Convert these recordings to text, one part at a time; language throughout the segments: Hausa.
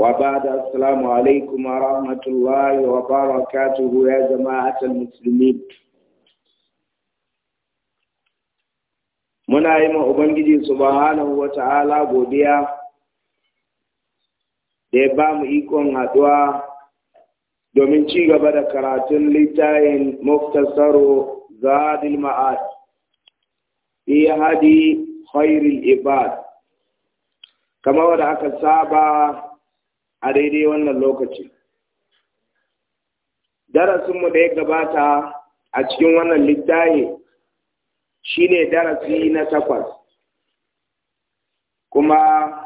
وبعد السلام عليكم ورحمة الله وبركاته يا جماعة المسلمين muna yi ma Ubangiji subhanahu wa ta'ala godiya da ya ba mu ikon haɗuwa domin ci gaba da karatun littayin muftasaro zadil ma'ad iya hadi khairul ibad Kamar wadda aka saba a daidai wannan lokaci darasinmu da ya gabata a cikin wannan shi ne darasi na takwas kuma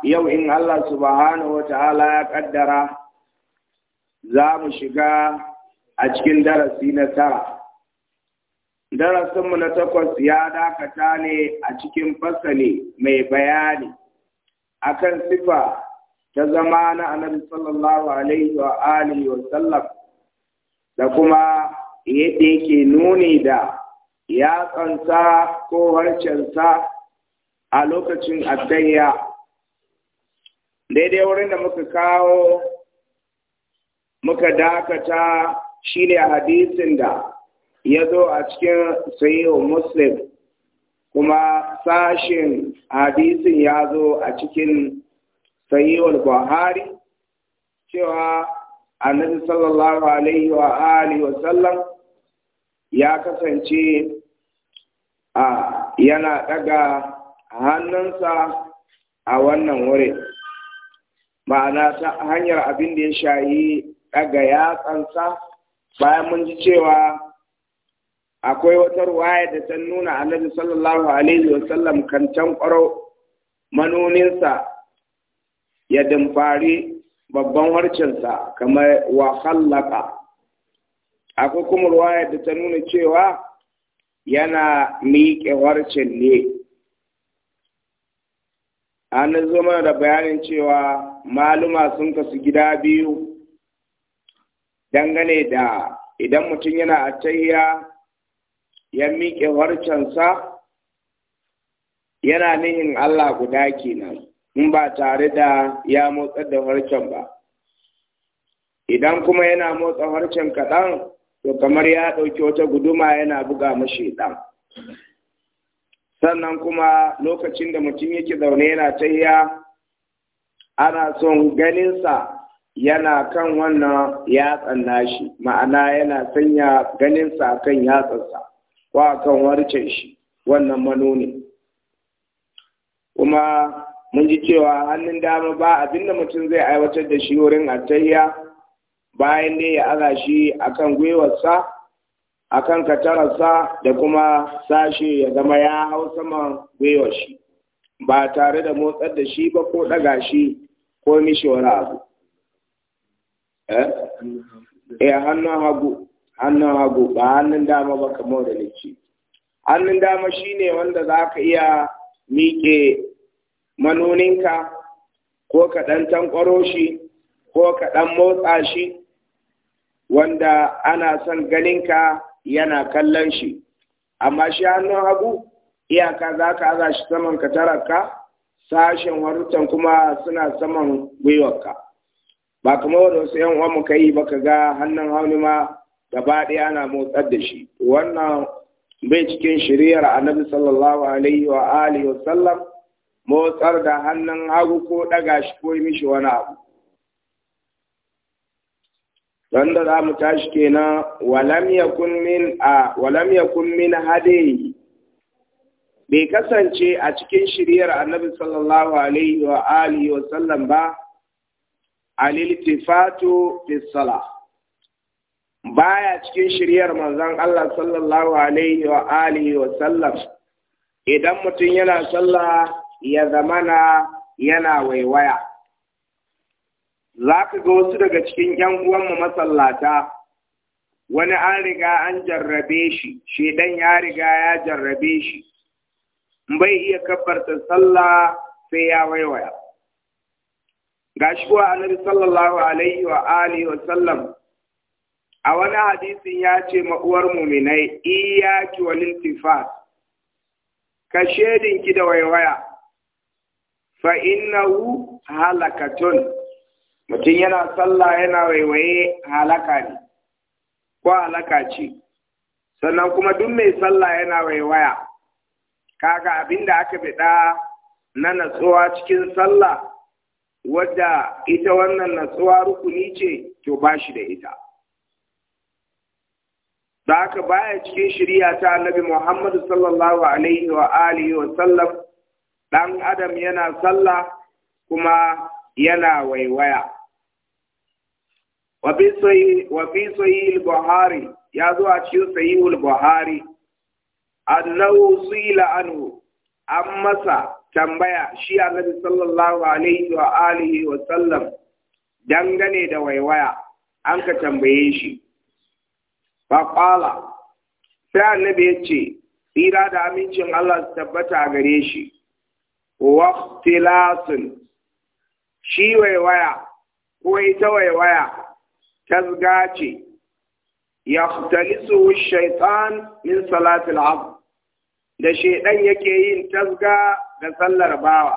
yau in Allah subhanahu wa ta'ala ya kaddara za mu shiga a cikin darasi na tara. Darasinmu na takwas ya dakata ne a cikin fasali mai bayani akan sifa ta zama na annabi sallallahu alaihi wa alihi wa sallam da kuma yadda yake nuni da yatsansa ko harcensa a lokacin attayya daidai wurin da muka kawo muka dakata shine hadisin da ya zo a cikin sayo muslim kuma sashin hadisin ya zo a cikin Sayiwal buhari cewa annabi sallallahu alaihi wa wa sallam ya kasance a yana daga hannunsa a wannan wuri ma'ana ta hanyar abin da ya shayi daga yatsansa bayan mun ji cewa akwai wata ruwaya da ta nuna annabi sallallahu alaihi wa sallam kancan kwaro manoninsa ya dimfari babban sa kamar wa khallaka akwai kuma ruwaya da ta nuna cewa yana miƙe harcin ne an zo mana da bayanin cewa maluma sun kasu gida biyu dangane da idan mutum yana a tayya ya miƙe harcensa yana nihin Allah guda kenan in ba tare da ya motsar da harcen ba idan kuma yana motsa harcen kaɗan to kamar ya ɗauki wata guduma yana buga mashi ɗan sannan kuma lokacin da mutum yake zaune yana tahiya ana son ganinsa yana kan wannan yatsan shi, ma'ana yana sanya ganinsa kan yatsansa ko kan wancan shi wannan manoni kuma mun ji cewa hannun dama ba abinda mutum zai aiwatar da shi wurin attayya bayan dai ya aza shi akan gwiwarsa akan katararsa da kuma sashe ya zama ya hau saman gwiwar shi ba tare da motsar da shi ba ko ɗaga shi ko mishi wani abu eh, eh hannun hagu hannun hagu ba hannun dama ba kamar da nake hannun dama shine wanda za ka iya miƙe manoninka ko ka ɗan tankwaro shi ko ka ɗan motsa shi wanda ana son ganinka yana kallon shi amma shi hannun hagu iyaka za ka aza shi saman ka sashen warutan kuma suna saman gwiwarka ba kuma wadda wasu yan uwan muka yi ba ka ga hannun hauni ma gaba ɗaya ana motsar da shi wannan bai cikin shiriyar annabi sallallahu alaihi wa alihi wa sallam motsar da hannun hagu ko ɗaga shi ko yi mishi wani abu don da za mu tashi kenan walam yakun kun min hadayi bai kasance a cikin shiriyar annabi sallallahu alaihi wa alihi wa sallam ba aliltifatu fi sala baya cikin shiriyar manzon Allah sallallahu alaihi wa alihi wa sallam idan mutum yana sallah ya zamana yana waiwaya za ka ga wasu daga cikin ‘yan uwanmu masallata wani an riga an jarrabe shi shedan ya riga ya jarrabe shi bai iya kabbarta sallah sai ya waiwaya gashi kuwa annabi sallallahu alaihi wa alihi wa sallam a wani hadisin ya ce ma'uwar muminai iyaki walin iltifat ka ki da waiwaya fa innahu halakatun mutum yana sallah yana waiwaye halaka ne ko halaka ce sannan kuma duk mai sallah yana waiwaya kaga abin da aka biɗa na natsuwa cikin sallah wadda ita wannan natsuwa rukuni ce to ba shi da ita da ka baya cikin shirya ta annabi Muhammadu sallallahu alaihi wa alihi wa sallam ɗan adam yana sallah kuma yana waiwaya wafi yi buhari ya zo a cikin sahih buhari annahu sila anhu an masa tambaya shi annabi sallallahu alaihi wa alihi wa sallam dangane da waiwaya an ka tambaye shi faƙala sai annabi ya ce tsira da amincin Allah su tabbata gare shi waqtilasun shi waiwaya ko ita waiwaya tasga ce yahtalisu shaitan min salatil abd da shaidan yake yin tasga da sallar bawa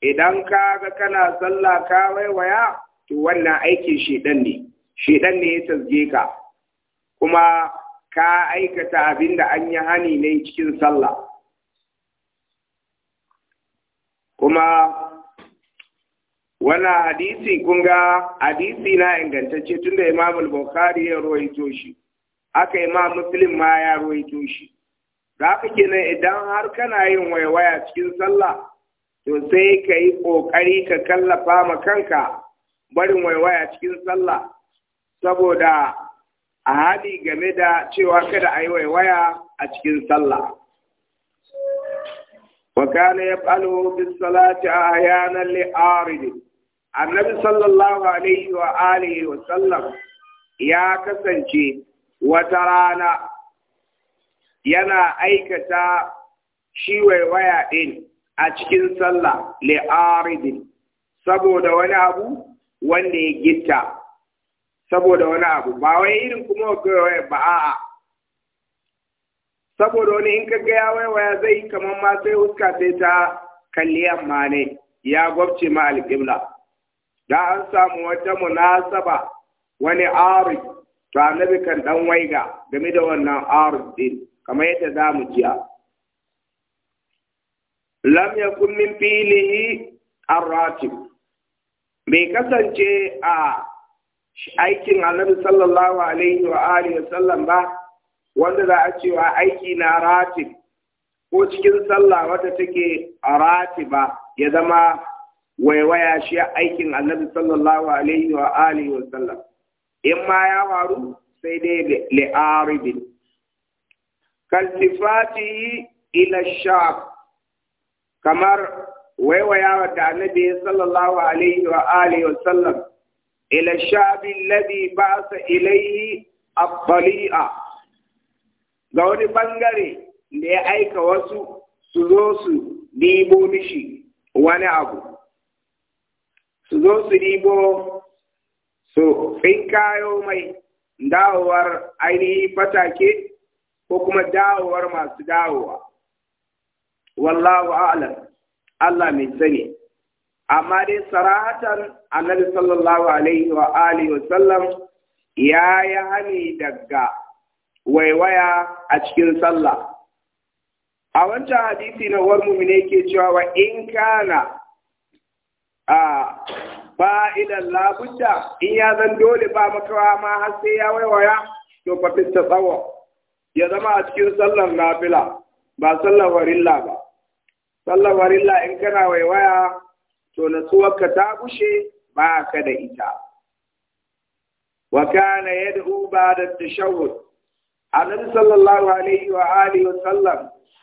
idan ka ga kana sallah ka waiwaya to wannan aikin shaidan ne shaidan ne ya tasge ka kuma ka aikata abin da an yi hani ne cikin sallah kuma wannan hadisi kun hadisi na ingantacce tunda Imam al-Bukhari ya ruwaito shi aka Imam Muslim ma ya ruwaito shi Za ka kenan idan har kana yin waiwaya cikin sallah to sai ka yi ƙoƙari ka kallafa ma kanka barin waiwaya cikin sallah saboda a hali game da cewa kada a yi waiwaya a cikin sallah وكان يفعله بالصلاة أحيانا لآرد النبي صلى الله عليه وآله وسلم يا كسنشي وترانا yana aikata shi waiwaya ɗin a cikin sallah li'aridin saboda wani abu wanda ya gitta ba wai irin kuma waiwaya ba a'a saboda wani in ka gaya waya zai kamar ma sai huska sai ta kalli amma ne ya gwabce ma alƙibla da an samu wata munasaba wani arif to annabi kan dan waiga game da wannan arif din kamar yadda za mu jiya lam yakun min filihi arratib bai kasance a aikin annabi sallallahu alaihi wa alihi wa sallam ba wanda za a cewa aiki na ratib ko cikin sallah wata take ratiba ya zama waiwaya shi aikin annabi sallallahu alaihi wa alihi wa sallam in ma ya faru sai dai li'aribin kaltifati ila shaf kamar waiwaya wadda annabi sallallahu alaihi wa alihi wa sallam ila shabi alladhi ba'sa ilayhi at ga wani bangare da ya aika wasu su zo su ɗibo mishi wani abu su zo su ɗibo su tsinkayo mai dawowar ainihin fatake ko kuma dawowar masu dawowa wallahu a'lam Allah mai sani amma dai saratan annabi sallallahu alaihi wa alihi wa sallam ya yi hani daga waiwaya a cikin sallah a wancan hadisi na war mumine ke cewa wa in kana a fa'idan labuta in ya zan dole ba makawa ma har sai ya waiwaya to fa tsawo ya zama a cikin sallar nafila ba sallar warilla ba sallar warilla in kana waiwaya to na ka ta bushe, ba ka da ita wa kana yadda ba da tashawud annabi sallallahu alaihi wa alihi wa sallam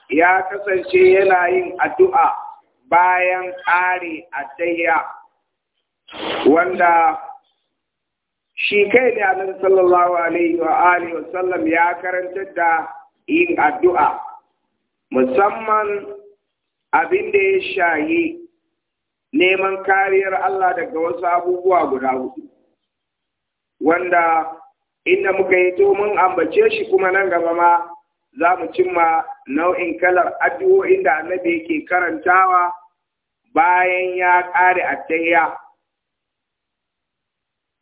ya kasance yana yin addu'a bayan a addu'a wanda shi kai ne annabi sallallahu alaihi wa alihi wa sallam ya karantar da yin addu'a musamman abin da ya shayi neman kariyar Allah daga wasu abubuwa guda hudu wanda inda muka yi to mun ambace shi kuma nan gaba ma za mu cimma nau'in kalar addu'o'in da annabi yake karantawa bayan ya ƙare attayya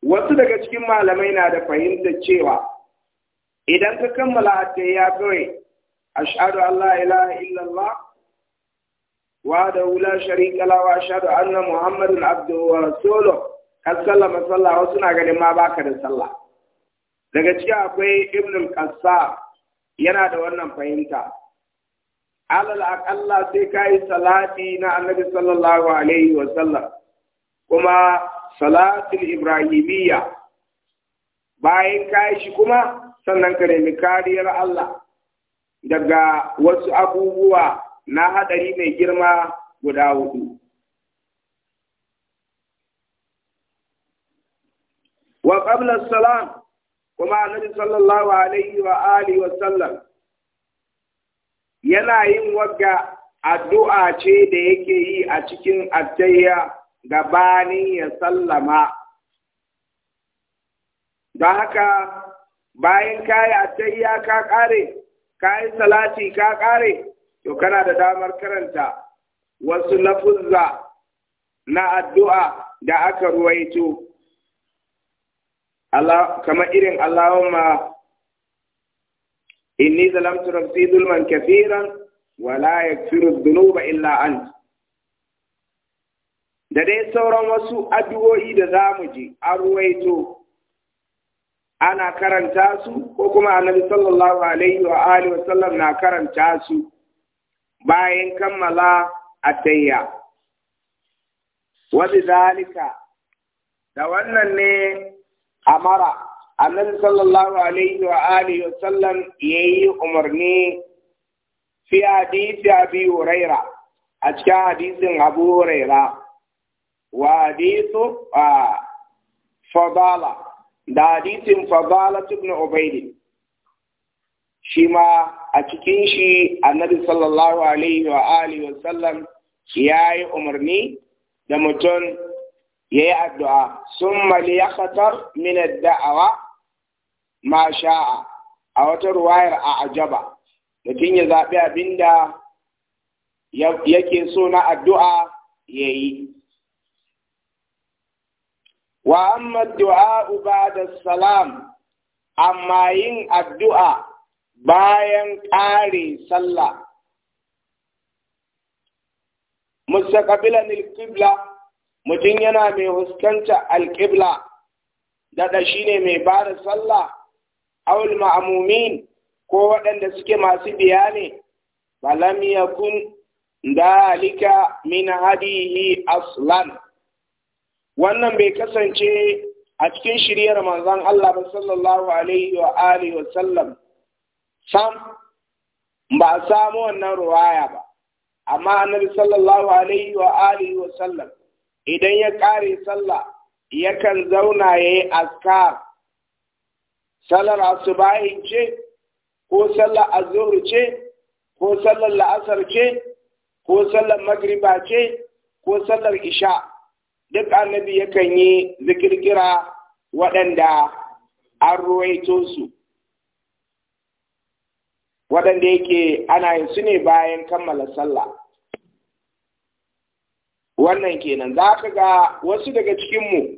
wasu daga cikin malamai na da fahimtar cewa idan ka kammala attayya kawai ashadu allah la ilaha illallah da لا شريك له واشهد Annan محمدا عبده ورسوله قد سلم صلى suna ganin ma baka da sallah. daga ciki akwai ibn al yana da wannan fahimta alal aqalla sai kai salati na annabi sallallahu alaihi wa sallam kuma salatul ibrahimiyya bayan kai shi kuma sannan ka nemi kariyar Allah daga wasu abubuwa na hadari mai girma guda hudu wa qabla salam kuma annabi sallallahu alaihi wa alihi wa sallam yana yin wagga addu'a ce da yake yi a cikin attayya gabanin ya sallama Da haka bayan kayi attayya ka kare kayi salati ka kare to kana da damar karanta wasu lafuzza na addu'a da aka ruwaito Allah kamar irin Allahumma inni zalamtu nafsi zulman kafiran wa la yaghfiru dhunuba illa ant da dai sauran wasu addu'o'i da zamu ji an ana karanta su ko kuma annabi sallallahu alaihi wa alihi wa sallam na karanta su bayan kammala atayya wa bidhalika da wannan ne amara annan sallallahu alaihi wa alihi wa sallam yayi umarni fi hadisi abi huraira a cikin hadisin abu huraira wa hadisu a fadala da hadisin fadala tun ubayd shi ma a cikin shi annabi sallallahu alaihi wa alihi wa sallam yi umarni da mutum ya yi addu'a sun mali ya khatar da'awa ma sha'a a wata ruwayar a ajaba tun ya zaɓi abin da yake so na addu'a ya yi wa amma du'a uba da salam amma yin addu'a bayan ƙare sallah musta ƙabilan qibla mutum yana mai huskanta alƙibla daɗa shi ne mai ba da sallah awul ma'amumin ko waɗanda suke masu biya ne balam yakun dalika min hadihi aslan wannan bai kasance a cikin shiryar manzon Allah ba sallallahu alaihi wa alihi wa sallam sam ba a samu wannan ruwaya ba amma annabi sallallahu alaihi wa alihi wa sallam idan ya ƙare sallah yakan zauna ya yi askar sallar asubahin ce ko sallar azhur ce ko sallar la'asar ce ko sallar magriba ce ko sallar isha duk annabi yakan yi zikirkira waɗanda an ruwaito su waɗanda yake ana yin su ne bayan kammala sallah wannan kenan za ka ga wasu daga cikinmu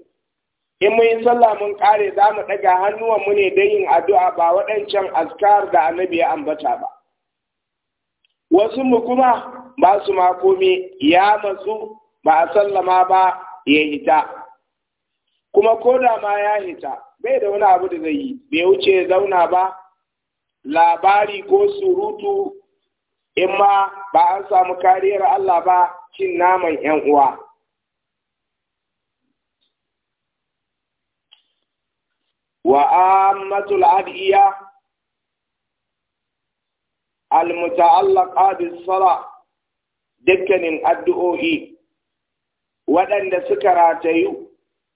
in mun yi sallah mun kare za mu ɗaga mu ne don yin addu'a ba waɗancan askar da annabi ya ambata ba wasu mu kuma ba su ma komi ya matsu ba a sallama ba ya hita kuma ko da ma ya hita bai da wani abu da zai yi bai wuce zauna ba labari ko surutu in ma ba an samu kariyar Allah ba cin naman ‘yan uwa. Wa ammatul adiya al-muta'allaqa bis-sala dukkanin addu'o'i waɗanda suka ratayu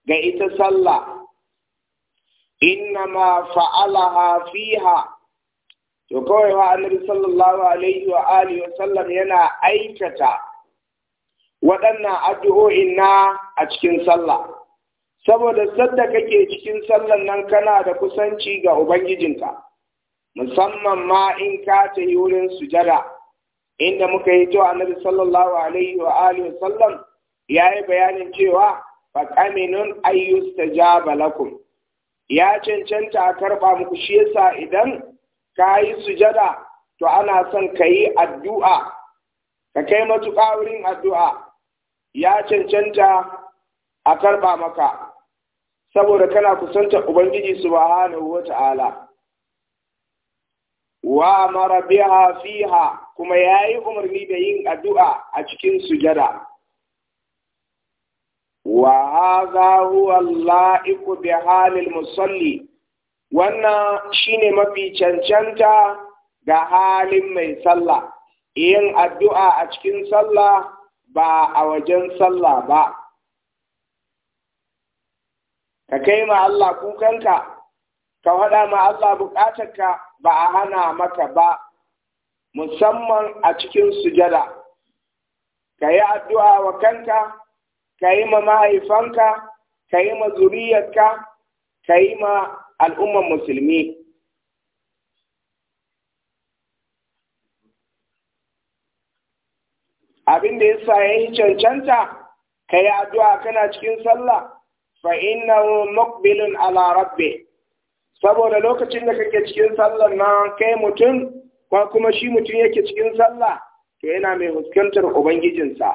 ga ita sallah innama fa'alaha fiha to kawai wa annabi sallallahu alaihi wa alihi wa sallam yana aikata waɗannan addu'o'in na a cikin sallah saboda sadda kake cikin sallan nan kana da kusanci ga ubangijinka musamman ma in ka ta yi wurin sujada inda muka yi to annabi sallallahu alaihi wa alihi wa sallam ya yi bayanin cewa ta ayyustajaba lakum ya cancanta a karɓa muku shi yasa idan ka yi sujada to ana son ka yi addu'a ka kai matuƙa wurin addu'a ya cancanta a karɓa maka saboda kana kusanta ubangiji subhanahu wa ta'ala wa amara fiha kuma ya yi umarni da yin addu'a a cikin sujada wa hadha huwa la’iku bi halil musalli wannan shine mafi cancanta ga halin mai sallah yin addu'a a cikin sallah ba a wajen sallah ba ka kai ma Allah kukanka ka faɗa ma Allah buƙatarka ba a hana maka ba musamman a cikin sujada ka yi addu'a wa kanka ka yi ma mahaifanka ka yi ma zuriyarka ka yi ma al'umman musulmi abin da yasa yi cancanta kai addu'a kana cikin sallah fa innahu muqbilun ala rabbi saboda lokacin da kake cikin sallar nan kai mutum ko kuma shi mutum yake cikin sallah to yana mai huskantar ubangijinsa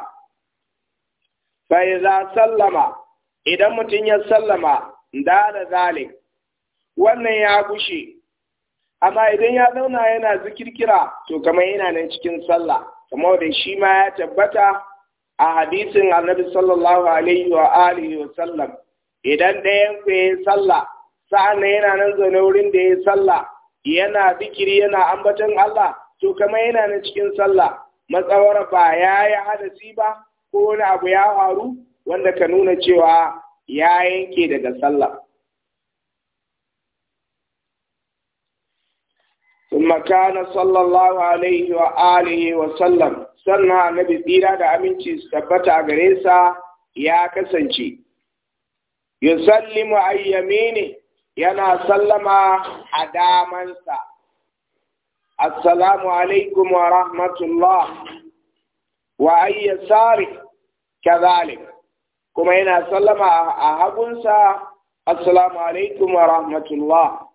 fa idza sallama idan mutum ya sallama da da zalik wannan ya gushe amma idan ya zauna yana zikirkira to kamar yana nan cikin sallah kuma da shi ma ya tabbata a hadisin annabi sallallahu alaihi wa alihi wa sallam idan ɗayan ku yi sallah sa'an yana nan zaune wurin da yi sallah yana zikiri yana ambaton Allah to kama yana nan cikin sallah matsawar ba ya yi hadasi ba ko wani abu ya faru wanda ka nuna cewa ya yanke daga sallah ثم كان صلى الله عليه وآله وسلم sannan annabi tsira da aminci su tabbata a gare ya kasance yusallimu ayyamini yana sallama a damansa assalamu alaikum wa rahmatullah wa ayyasari kazalik kuma yana sallama a hagunsa assalamu alaikum wa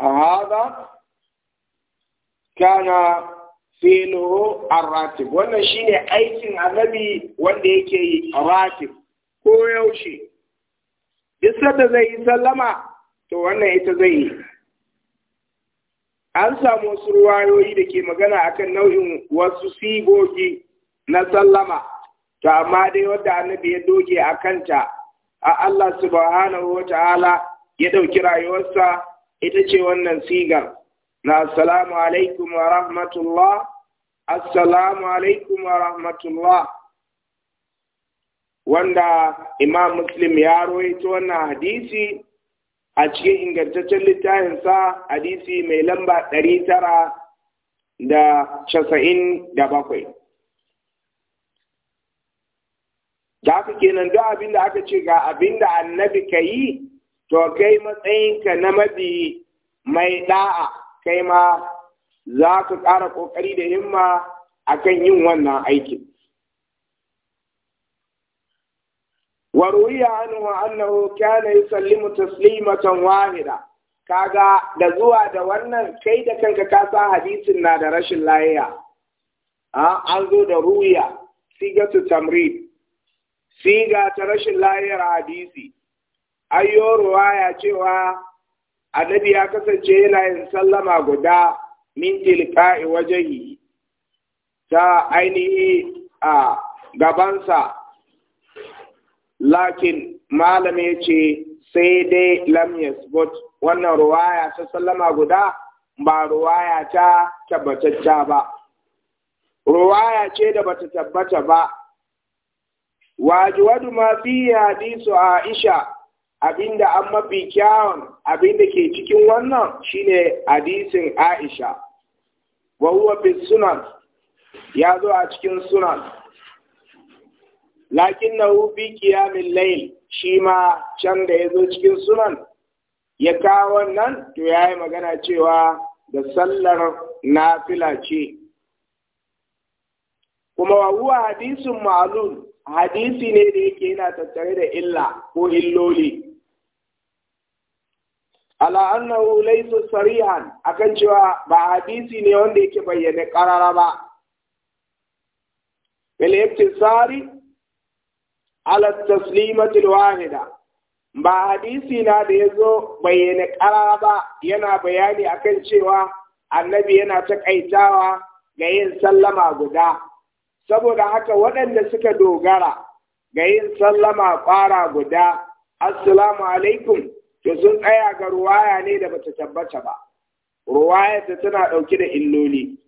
هذا كان fi'luhu ar-ratib wannan shine aikin annabi wanda yake yi ratib ko yaushe duk sanda zai yi sallama to wannan ita zai yi an samu wasu ruwayoyi da ke magana akan nau'in wasu sigogi na sallama to amma dai wadda annabi ya doge a kanta a Allah subhanahu wa ta'ala ya ɗauki rayuwarsa ita ce wannan sigar na assalamu alaikum wa rahmatullah assalamu alaikum wa rahmatullah wanda imam muslim ya rawaito wannan hadisi a cikin ingantaccen littafinsa hadisi mai lamba ɗari tara da casa'in da bakwai da haka kenan duk abin da aka ce ga abin da annabi ka yi to kai matsayinka na mabi mai da'a kai ma za ka ƙara ƙoƙari da himma kan yin wannan aikin. Waruriya وروي عنه أنه كان يسلم wahida. Ka kaga da zuwa da wannan kai da kanka ka sa hadisin na da rashin layiya an zo da ruya su tamrid siga ta rashin layar hadisi ayyo ruwaya cewa annabi ya kasance yana yin sallama guda min tilka'i wajahi ta ainihi a gabansa lakin malam ya ce sai dai lam yasbut wannan ruwaya ta sallama guda ba ruwaya ta tabbatacca ba ruwaya ce da bata tabbata ba wajiwadu ma fi hadisu Aisha abinda an mafi kyawun abinda ke cikin wannan shine hadisin Aisha wa huwa fi sunan ya zo a cikin sunan lakin na hufi kiyamin shi ma can da ya zo cikin sunan ya kawo wannan to ya yi magana cewa da sallar nafila ce kuma wa huwa hadisin ma'alun hadisi ne da yake yana tattare da illa ko illoli ala annahu laysa sarihan akan cewa ba hadisi ne wanda yake bayyane karara ba bil ibtisari ala taslimati alwahida ba hadisi na da yazo bayyane karara ba yana bayani akan cewa annabi yana takaitawa ga yin sallama guda saboda haka waɗanda suka dogara ga yin sallama ƙwara guda assalamu alaikum to sun tsaya ga ruwaya ne da bata tabbata ba ruwaya ta tana ɗauke da illoli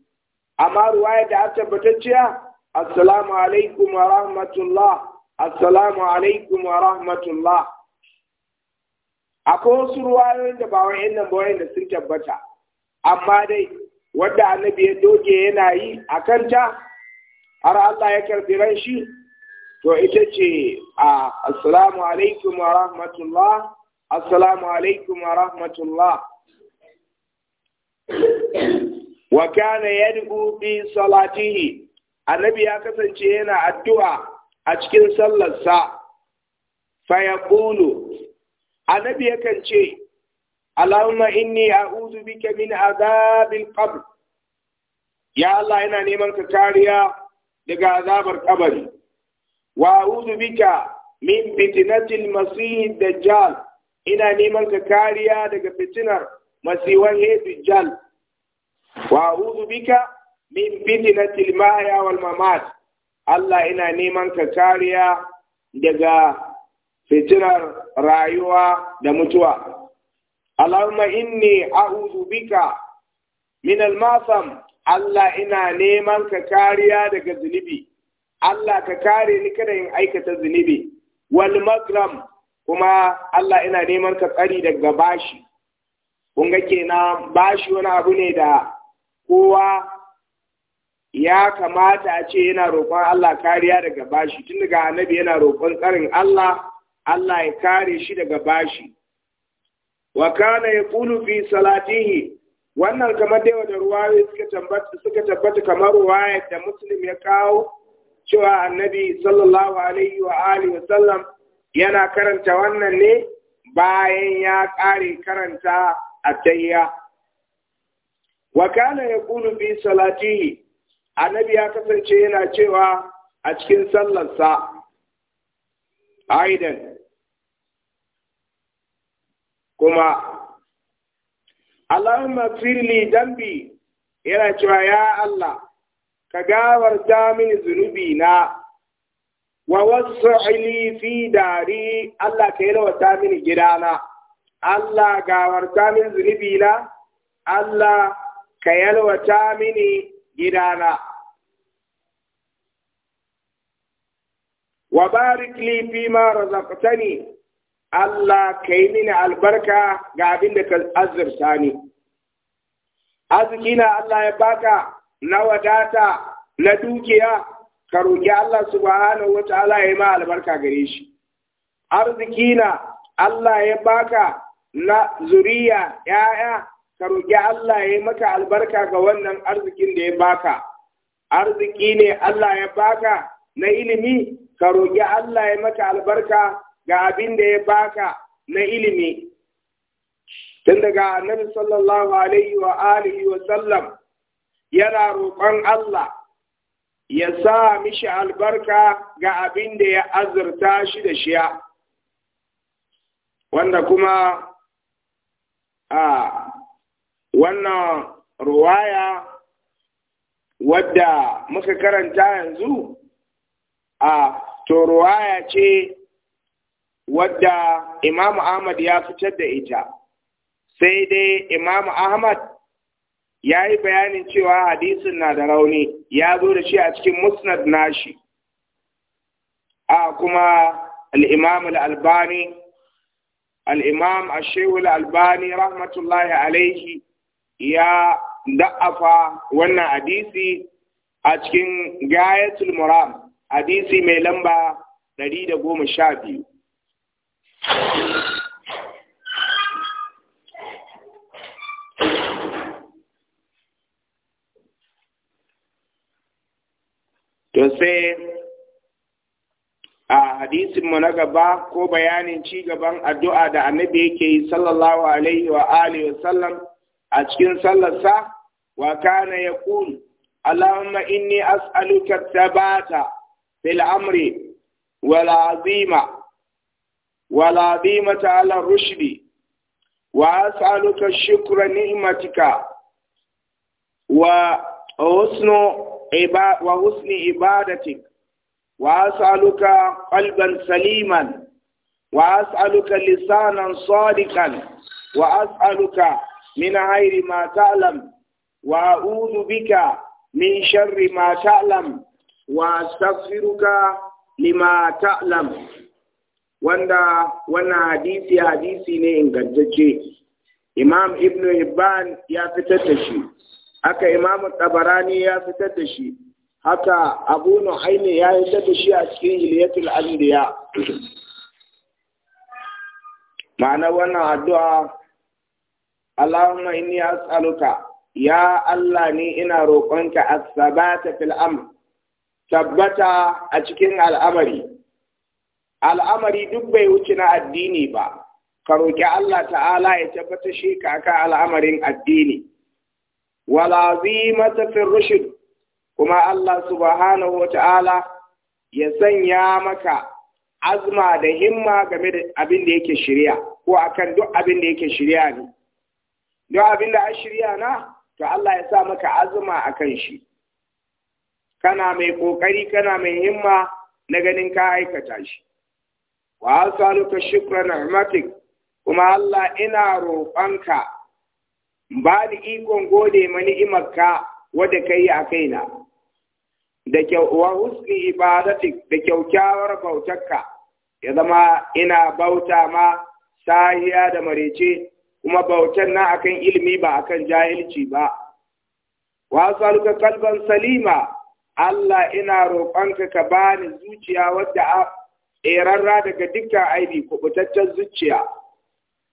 amma ruwayar da a tabbatacciya assalamu alaikum wa rahmatullah assalamu alaikum wa rahmatullah akwai wasu ruwayoyin da ba wa'in nan ba da sun tabbata amma dai wanda annabi ya doge yana yi a kanta har Allah ya karbi ran shi to ita ce a ah, assalamu alaikum wa rahmatullah assalamu alaikum wa rahmatullah wa kana yad'u bi salatihi annabi ya kasance yana addu'a a cikin sallarsa fa yaqulu annabi yakan ce Allahumma inni a'udhu bika min azabil qabr ya Allah ina neman ka kariya daga azabar kabari wa a'udhu bika min fitnatil da dajjal ina neman ka kariya daga fitinar masiwan dujjal wa a'udhu bika min fitnatil mahya wal mamat Allah ina neman ka kariya daga fitinar rayuwa da mutuwa Allahumma inni a'udhu bika min al Allah ina neman ka kariya daga zunubi Allah ka kare ni kada in aikata zunubi wal makram kuma Allah ina neman ka tsari daga bashi kun ga kenan bashi wani abu ne da kowa ya kamata a ce yana roƙon Allah kariya daga bashi tun daga annabi yana roƙon tsarin Allah Allah ya kare shi daga bashi wa kana yaqulu fi salatihi wannan kamar dai wanda ruwa suka tabbata kamar ruwa da Muslim ya kawo cewa annabi sallallahu alaihi wa alihi wa sallam yana karanta wannan ne bayan ya ƙare karanta tayya. wa kana ƙulu bi salatihi annabi ya kasance yana cewa a cikin sallarsa aidan kuma Allahumma firli dambi yana cewa ya Allah ka gawarta mini zunubi na wa wasu ili fi dari Allah ka yalwata mini gidana Allah gawarta min zunubi na Allah ka yalwata mini gidana wa barik li fi ma razaqtani Allah ka yi mini albarka ga abin da ka azurta ni azkina Allah ya baka na wadata na dukiya ka roƙi Allah subhanahu wata ta'ala ya ma albarka gare shi arziki na Allah ya baka na zuriya ya'ya ka roƙi Allah ya maka albarka ga wannan arzikin da ya baka arziki ne Allah ya baka na ilimi ka roƙi Allah ya maka albarka ga abin da ya baka na ilimi tun daga annabi sallallahu alaihi wa alihi wa sallam yana roƙon Allah ya sa mishi albarka ga abin da ya azurta shi da shiya wanda kuma a wannan ruwaya wadda muka karanta yanzu a to ruwaya ce wadda Imam Ahmad ya fitar da ita sai dai Imam Ahmad ya yi bayanin cewa hadisin na da rauni ya zo da shi a cikin musnad nashi a kuma al'imam al'albani al'imam ashewul albani rahmatullahi alaihi ya da'afa wannan hadisi a cikin gayatul muram hadisi mai lamba 112 to sai a hadisin mu na gaba ko bayanin ci gaban addu'a da annabi yake yi sallallahu alaihi wa alihi wa sallam a cikin sallarsa wa kana yaqul allahumma inni as'aluka tabata fil amri wal azima wal azima ala rushdi wa as'aluka shukra ni'matika wa husnu wa husni ibadati wa asaluka qalban saliman wa asaluka lisanan sadikan wa asaluka min hayri ma ta'lam wa bika min sharri ma ta'lam wa astaghfiruka wanda wana hadisi hadisi ne ingantacce imam ibnu hibban ya fitar da shi aka imamu tabarani ya fitar da shi haka abu nuhaini ya fitar da shi a cikin hilyatul anbiya ma'ana wannan addu'a Allahumma inni as'aluka ya Allah ni ina roƙonka as-sabata fil tabbata a cikin al'amari al'amari duk bai wuce na addini ba ka roƙi Allah ta'ala ya tabbata shi ka aka al'amarin addini walazimata fil rushd kuma Allah subhanahu wata'ala ya sanya maka azma da himma game da abin da yake shirya ko akan duk abin da yake shirya ne duk abin da shirya na to Allah ya sa maka azma akan shi kana mai kokari kana mai himma na ganin ka aikata shi wa asaluka shukra ni'matik kuma Allah ina roƙonka ba ni ikon gode ma ni'imarka wadda ka yi a kaina da wa husni ibadatik da kyaukyawar bautarka ya zama ina bauta ma sahiya da marece kuma bautar na akan ilimi ba akan jahilci ba wa kalban salima Allah ina roƙonka ka bani zuciya wadda a tserarra daga dukkan aibi kubutaccen zuciya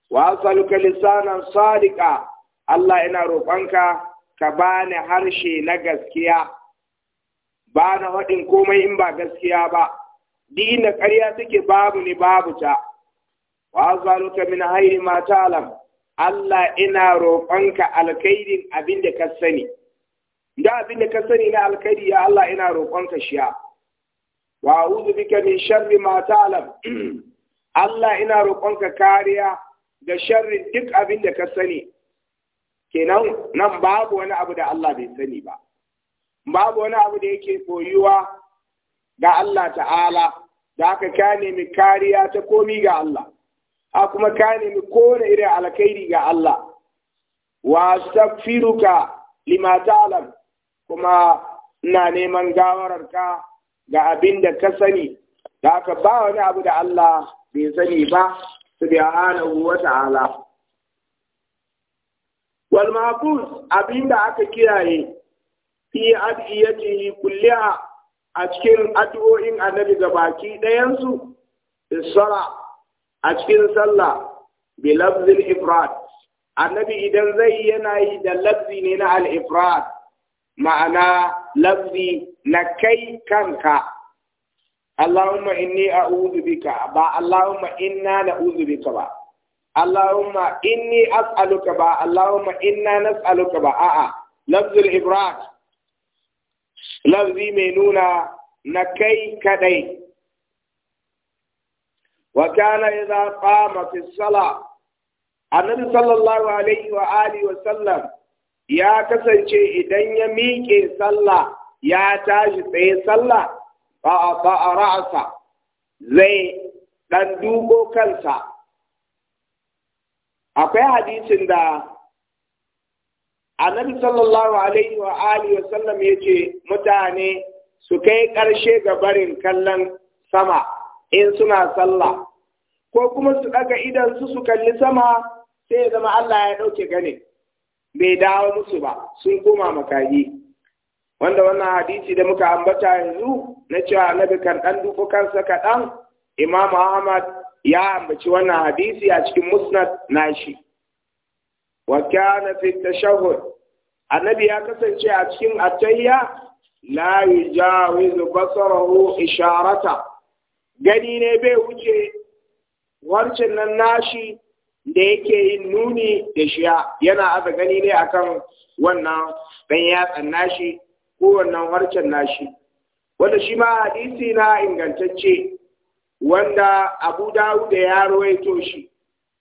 wa lisanan sadiqa Allah ina roƙonka ka bani harshe na gaskiya ba na haɗin komai in ba gaskiya ba duk inda ƙarya suke babu ne babu ta wa zaluka min hayri ma ta'lam Allah ina roƙonka alkhairin abin da ka sani da abin da ka sani na alkhairi ya Allah ina roƙonka shi wa a'udhu bika min sharri ma ta'lam Allah ina roƙonka kariya da sharri duk abin da ka sani kenan nan babu wani abu da Allah bai sani ba babu wani abu da yake koyuwa ga Allah ta'ala da aka ka nemi kariya ta komi ga Allah a kuma ka nemi kowane irin alkhairi ga Allah wa astaghfiruka lima ta'lam kuma ina neman gawararka ga abin da ka sani da aka ba wani abu da Allah bai sani ba subhanahu wa ta'ala wal mahfuz abinda aka kiyaye fi yi kulliha a cikin addu'o'in annabi gabaki ɗayan su sala a cikin sallah bi al ifrad annabi idan zai yana yi da lafzi ne na al ifrad ma'ana lafzi na kai kanka Allahumma inni a'udhu bika ba Allahumma inna na'udhu bika ba Allahumma inni as'aluka ba Allahumma inna nas'aluka ba a'a lafzul ibrad lafzi mai nuna na kai kaɗai. wa kana idza qama fi salah annabi sallallahu alaihi wa wa sallam ya kasance idan ya miƙe sallah ya tashi tsaye sallah ba a ra'asa zai ɗan dubo kansa akwai hadisin da annabi sallallahu alaihi wa alihi wa sallam yace mutane su kai ƙarshe ga barin kallon sama in suna sallah ko kuma su daga idan su su kalli sama sai ya zama Allah ya dauke gane bai dawo musu ba sun koma makaji wanda wannan hadisi da muka ambata yanzu na cewa annabi kan dan dubo kansa kaɗan imam ahmad ya ambaci wannan hadisi a cikin musnad nashi wa kana fi tashahhud annabi ya kasance a cikin atayya la yujawizu basarahu isharata gani ne bai wuce wancan nan nashi da yake yin nuni da shiya yana aza gani ne akan wannan dan ya nashi ko wannan nashi wanda shi ma hadisi na ingantacce wanda Abu Dawud ya rawaito shi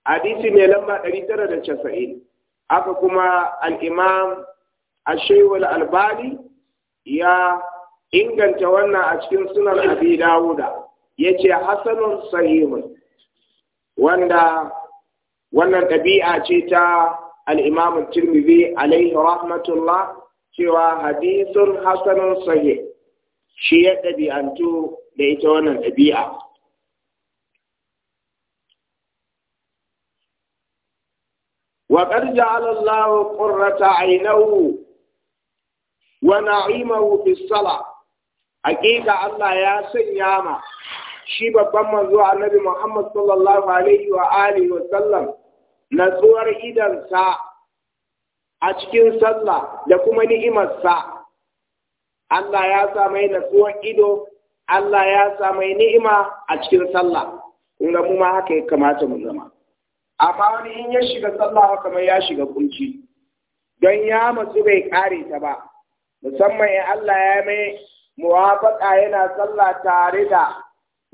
hadisi mai lamba 990 haka kuma al-Imam Ash-Shaykh al-Albani ya inganta wannan a cikin sunan Abi Dawud yace hasanun sahihun wanda wannan ɗabi'a ce ta al-Imam Tirmidhi alaihi rahmatullah cewa hadisun hasanun sahih shi ya ɗabi'antu da ita wannan ɗabi'a وقد جعل الله قرة عينه ونعيمه في الصلاة حقيقة الله يا سيما shi babban manzo annabi Muhammad sallallahu alaihi wa alihi wa sallam natsuwar idansa a cikin salla, da kuma ni'imarsa Allah ya sa natsuwar ido Allah ya sa ni'ima a cikin sallah kun ga mu ma haka ya kamata mu zama amma wani in ya shiga sallah kamar ya shiga kunci don ya matsu bai kare ta ba musamman in Allah ya mai muwafaka yana sallah tare da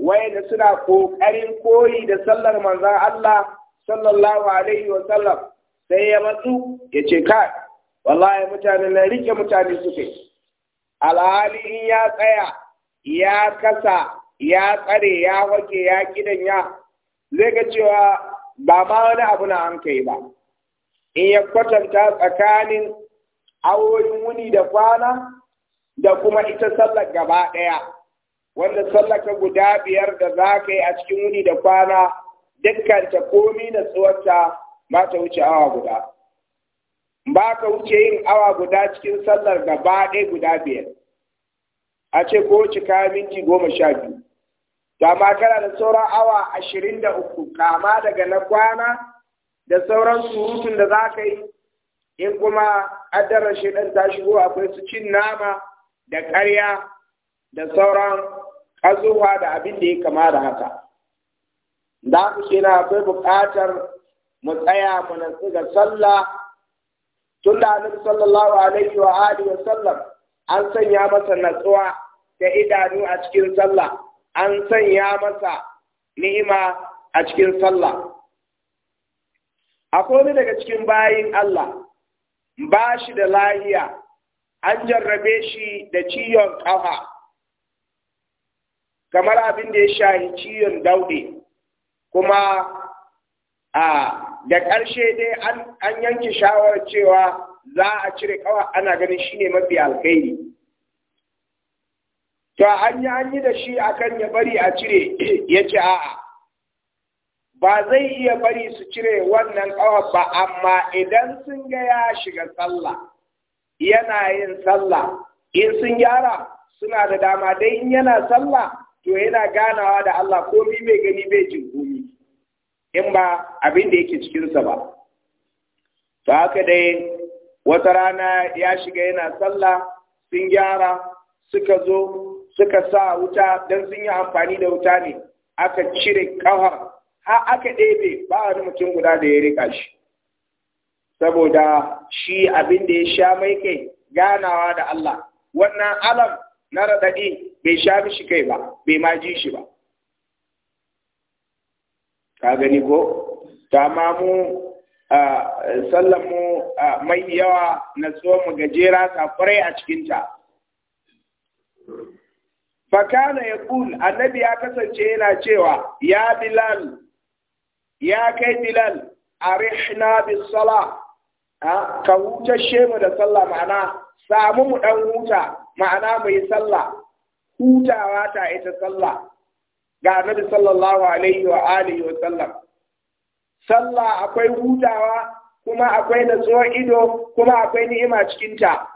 Wai da suna kokarin koyi da sallar manzon Allah sallallahu alaihi wa sallam sai ya matsu ya ce ka wallahi mutane na rike mutane suke alhali in ya tsaya ya kasa ya tsare ya wake ya kidan ya. zai ga cewa ba ma wani abu na an kai ba in ya kwatanta tsakanin awoyin wuni da kwana da kuma ita sallar gaba ɗaya wanda sallaka guda biyar da za ka yi a cikin wuni da kwana dukkan ta komi na tsawarta ba ta wuce awa guda ba ka wuce yin awa guda cikin sallar gaba ɗaya guda biyar a ce ko cika minti goma sha biyu Gama kana da sauran awa ashirin da uku, kama daga na kwana da sauran surutun da za ka yi, in kuma addarar shaidan ta shigo akwai su cin nama da karya da sauran ƙazuwa da abin da ya kama da haka. Da ku na akwai buƙatar mu tsaya mu nantsi ga sallah tun da annabi sallallahu alaihi wa alihi wa sallam an sanya masa natsuwa da idanu a cikin sallah an sanya masa ni'ima a cikin sallah akwai wani daga cikin bayin Allah ba shi da lahiya an jarrabe shi da ciyon ƙafa kamar abin da ya shahi ciyon dauɗe kuma a da ƙarshe dai an yanke shawarar cewa za a cire ƙawa ana ganin shi ne mafi alkhairi ta an yi an yi da shi akan ya bari a cire ya ce a'a ba zai iya bari su cire wannan ƙawar ba amma idan sun ga ya shiga sallah yana yin sallah in sun gyara suna da dama dai in yana sallah to yana ganawa da Allah ko bi mai gani bai jin gumi, in ba abin da yake cikinsa ba to haka dai wata rana ya shiga yana sallah sun gyara suka zo suka sa wuta don sun yi amfani da wuta ne aka cire ƙafar har aka ɗebe ba wani mutum guda da ya rika shi saboda shi abin da ya sha mai kai ganawa da Allah wannan alam na raɗaɗi bai sha mishi kai ba bai ma ji shi ba ka gani ko ta ma mu sallan mu mai yawa na mu gajera ta kwarai a cikinta fakana ya annabi ya kasance yana cewa ya bilal ya kai bilal arihna bis sala ka huta shemu da sallah ma'ana samu mu dan huta ma'ana mu yi sallah hutawa ta ita sallah ga annabi sallallahu alaihi wa alihi wa sallam sallah akwai hutawa kuma akwai natsuwar ido kuma akwai ni'ima cikinta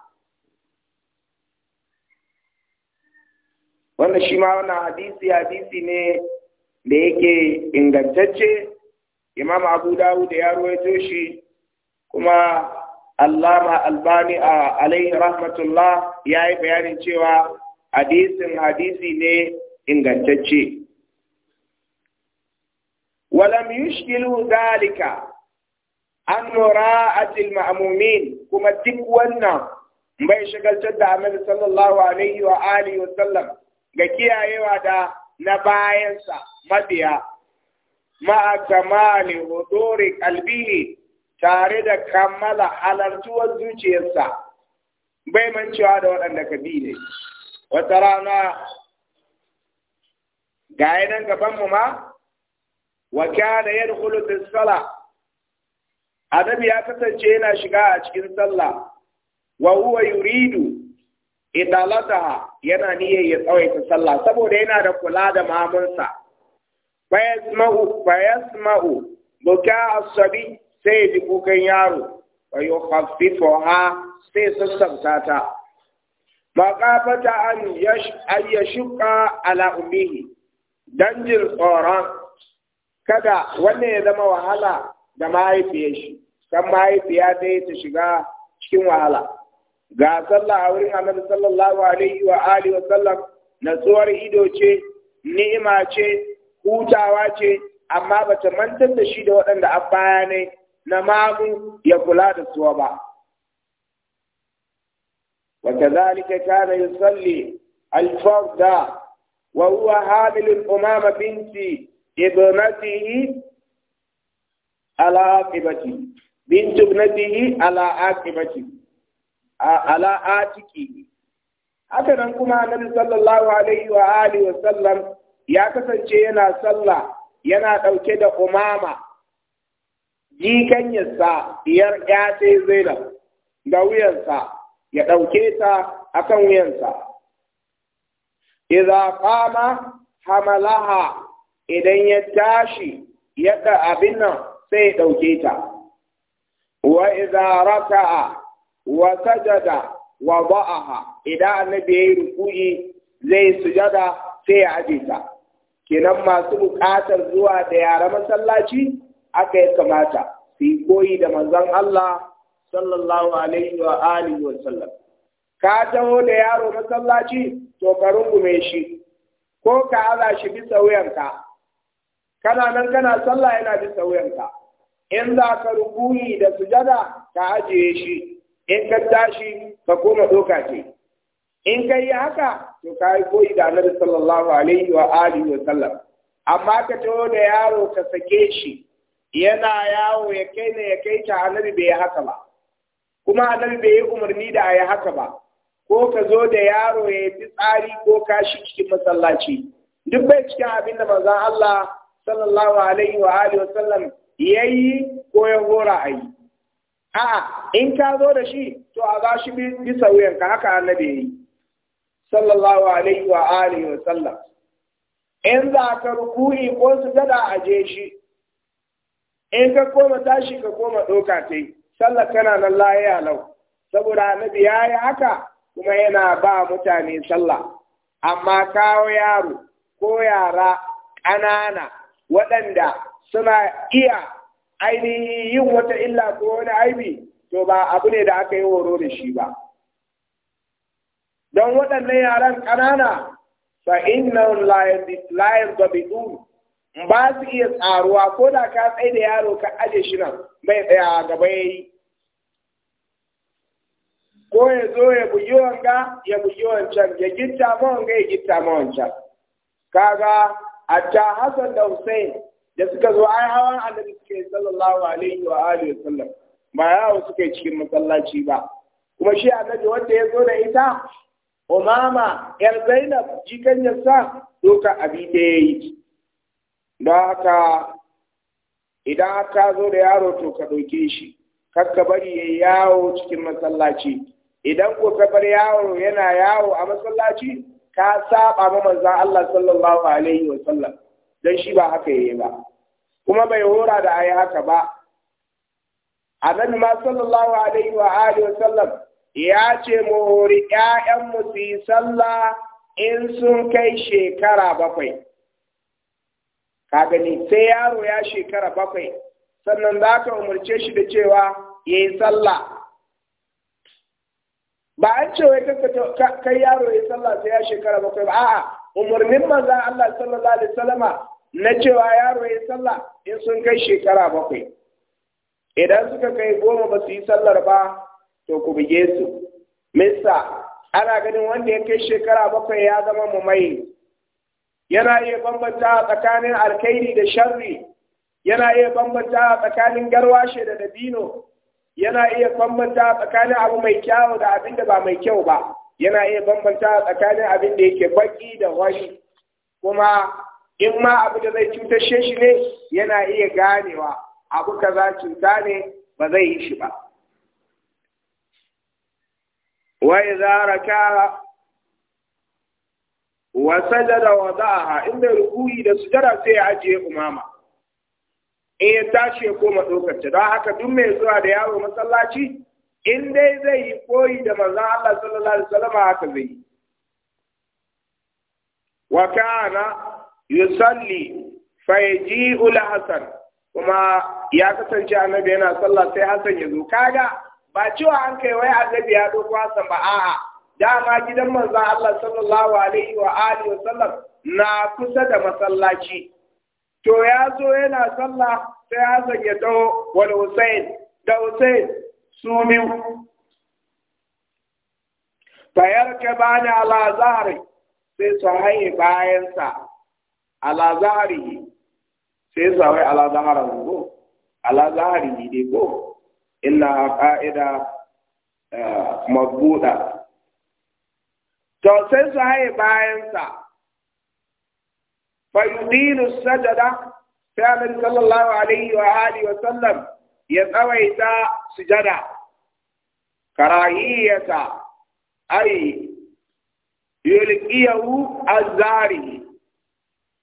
wannan shi ma wannan hadisi hadisi ne da yake ingantacce imam abu dawud ya ruwaito shi kuma allama albani a alaihi rahmatullah ya yi bayanin cewa hadisin hadisi ne ingantacce ولم يشكلوا ذلك عن مراءة المأمومين كما wannan mai shagaltar da Amadu sallallahu alaihi wa alihi wa sallam ga kiyayewa da na bayansa mabiya ma'a kamali huduri kalbihi tare da kammala halartuwar zuciyarsa bai mancewa da waɗanda ka bi ne wata rana ga nan gabanmu ma wa da yin hulutun sala adabi ya kasance yana shiga a cikin sallah wa huwa yuridu idalata yana niyyar ya tsawaita sallah saboda yana da kula da mamunsa fayasma'u fayasma'u buka asabi sai ji kukan yaro wa ha sai sassabta ta maqafata an yash an yashqa ala ummihi jin tsoron kada wanda ya zama wahala da mahaifiyar shi kan mahaifiya dai ta shiga cikin wahala ga sallah a wurin annabi sallallahu alaihi wa alihi wa sallam natsuwar ido ce ni'ima ce hutawa ce amma bata mantar da shi da waɗanda a baya ne na mamu ya kula da suwa ba وكذلك كان يصلي الفرد وهو حامل الأمامة بنت ابنته على عاقبته بنت ابنته على عاقبته ala atiki haka nan kuma annabi sallallahu alaihi wa alihi wa ya kasance yana sallah yana ɗauke da umama jikanyarsa diyar ya sai zainab da wuyansa ya ɗauke ta akan wuyansa idza qama hamalaha idan ya tashi yadda abin nan sai ɗauke ta wa idza raka'a wa sajada wa ba'aha idan annabi yayi ruku'i zai sujada sai ya aje ta kenan masu buƙatar zuwa da yara masallaci aka yi kamata su yi koyi da manzon Allah sallallahu alaihi wa alihi wa sallam ka taho da yaro masallaci to ka shi ko ka aza shi bisa Ka kana nan kana sallah yana bisa wuyanka in za ka rukuyi da sujada ka ajiye shi in ka tashi ka koma doka ce in ka yi haka to ka yi koyi da annabi sallallahu alaihi wa alihi wa sallam amma ka taho da yaro ka sake shi yana yawo ya kai ne ya kai ta annabi bai yi haka ba kuma annabi bai yi umarni da a haka ba ko ka zo da yaro ya yi tsari ko kashi cikin masallaci duk bai cikin abin da manzon Allah sallallahu alaihi wa alihi wa sallam yayi ko ya hora a yi a'a in ka zo da shi to a ga shi bisa wuyanka haka annabi yayi sallallahu alaihi wa alihi wa sallam in za ka ruku'i ko su gada a je shi in ka koma tashi ka koma ɗauka ta yi sallar tana nan laye lau saboda annabi ya yi haka kuma yana ba mutane sallah amma kawo yaro ko yara ƙanana waɗanda suna iya ainihin yin wata illa ko wani aibi to ba abu ne da aka yi horo da shi ba don waɗannan yaran ƙanana fa innahum la yanzabitu ba su iya tsaruwa ko da ka tsaye da yaro ka aje shi nan bai tsaya gaba yi. ko ya zo ya bugi wanga ya bugi wancan ya gitta ma wanga ya gitta ma wancan kaga ta Hassan da Hussein da suka zo ai hawan annabi suke sallallahu alaihi wa alihi wasallam ba yawo suke cikin masallaci ba kuma shi annabi wanda ya zo da ita umama yar zainab jikan yasa doka abi da yayi da haka idan ka zo da yaro to ka ɗauke shi kar ka bari ya yawo cikin masallaci idan ko ka bar yawo yana yawo a masallaci ka saba ma manzon Allah sallallahu alaihi wa sallam don shi ba haka yayi ba kuma bai hora da ayi haka ba annabi ma sallallahu alaihi wa alihi wa sallam ya ce mu hori ƴaƴan mu su yi sallah in sun kai shekara bakwai ka gani sai yaro ya shekara bakwai sannan za ka umarce shi da cewa ya yi sallah ba an ce wai kai yaro ya sallah sai ya shekara bakwai ba a'a umarnin manzon Allah sallallahu alaihi sallama na cewa yaro ya sallah in sun kai shekara bakwai idan suka kai goma ba su yi sallar ba to ku buge su mista ana ganin wanda ya kai shekara bakwai ya zama mu mai yana iya bambanta tsakanin Alkairi da sharri yana iya bambanta tsakanin garwashe da dabino yana iya bambanta tsakanin abu mai kyau da abin da ba mai kyau ba yana iya bambanta tsakanin abin da yake baki da wani kuma in ma abu da zai cutar shi ne yana iya ganewa abu kaza cuta ne ba zai yi shi ba za a raka wa sajada wadaha in inda rukuyi da su sujada sai ya ajiye umama in ya tashi ya koma ɗaukar don haka duk mai zuwa da yaro masallaci in dai zai yi koyi da maza Allah sallallahu alaihi wasallam haka zai yi wa kana yusalli fa yaji'u al-hasan kuma ya kasance annabi yana sallah sai hasan ya zo kaga ba cewa an kai wai annabi ya doko hasan ba a'a dama gidan manzo Allah sallallahu alaihi wa alihi wa sallam na kusa da masallaci to ya zo yana sallah sai hasan ya dawo wal husain da husain su biyu fayar ke bani ala zahri sai su haye bayansa ala zaharihi sai sa wai ala zaharahu ko ala zaharihi dai ko inna qa'ida eh, mabuda to sai su haye bayan sa fa yudilu sajada sai annabi wa wa ya tsawaita sujada karahiyata ai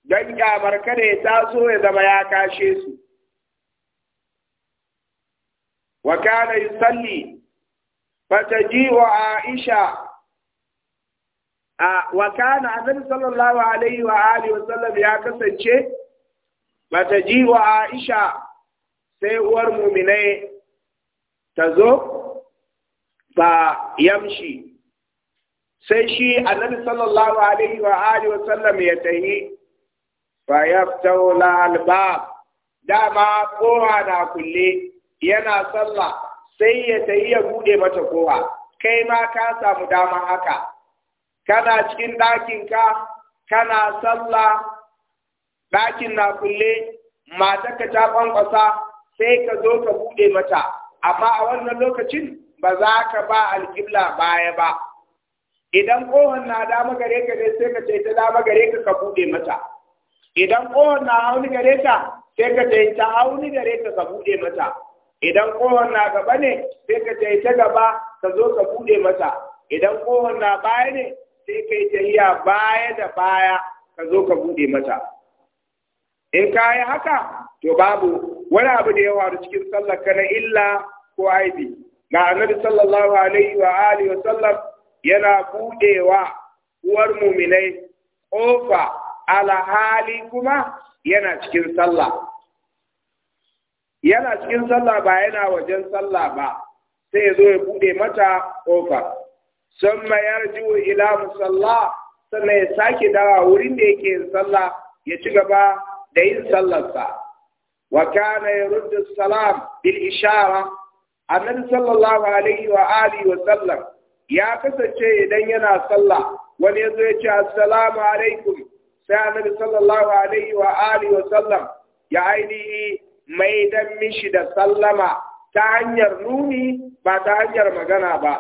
don kyamar ne ta so ya zama ya kashe su wa kana yusalli wa aisha wa kana annabi sallallahu alaihi wa alihi wa sallam ya kasance bata ji wa Aisha sai uwar muminai ta zo ba yamshi sai shi annabi sallallahu alaihi wa alihi wa sallam ya tahi fa yaftahu la albab dama kowa na kulle yana sallah sai ya tayi ya bude mata kowa kai ma ka samu dama haka kana cikin ɗakinka, kana sallah ɗakin na kulle matarka ta kwankwasa sai ka zo ka bude mata amma a wannan lokacin ba za ka ba alƙibla baya ba idan kowanne na dama gare ka dai sai ka ce ta dama gare ka ka bude mata idan kohon na auni gare ta sai ka ta ta auni gare ta ka buɗe mata idan kohon na gaba ne sai ka ta ta gaba ka zo ka buɗe mata idan kohon na baya ne sai ka yi iya baya da baya ka zo ka buɗe mata in ka yi haka to babu wani abu da yawa faru cikin sallar ka na illa ko aibi ga annabi sallallahu alaihi wa alihi wa sallam yana buɗewa uwar muminai ƙofa hali kuma yana cikin sallah yana cikin sallah ba yana wajen sallah ba sai ya ya bude mata kofa sun mayar ji ila musalla sannan ya sake dawa wurin da yake yin sallah ya ci gaba da yin sallarsa wa kana yurdu salam bil ishara annabi sallallahu alaihi wa alihi wa sallam ya kasance idan yana sallah wani ya zo ya ce assalamu alaikum sai annabi sallallahu alaihi wa alihi wa sallam ya ainihi mai dan mishi da sallama ta hanyar nuni ba ta hanyar magana ba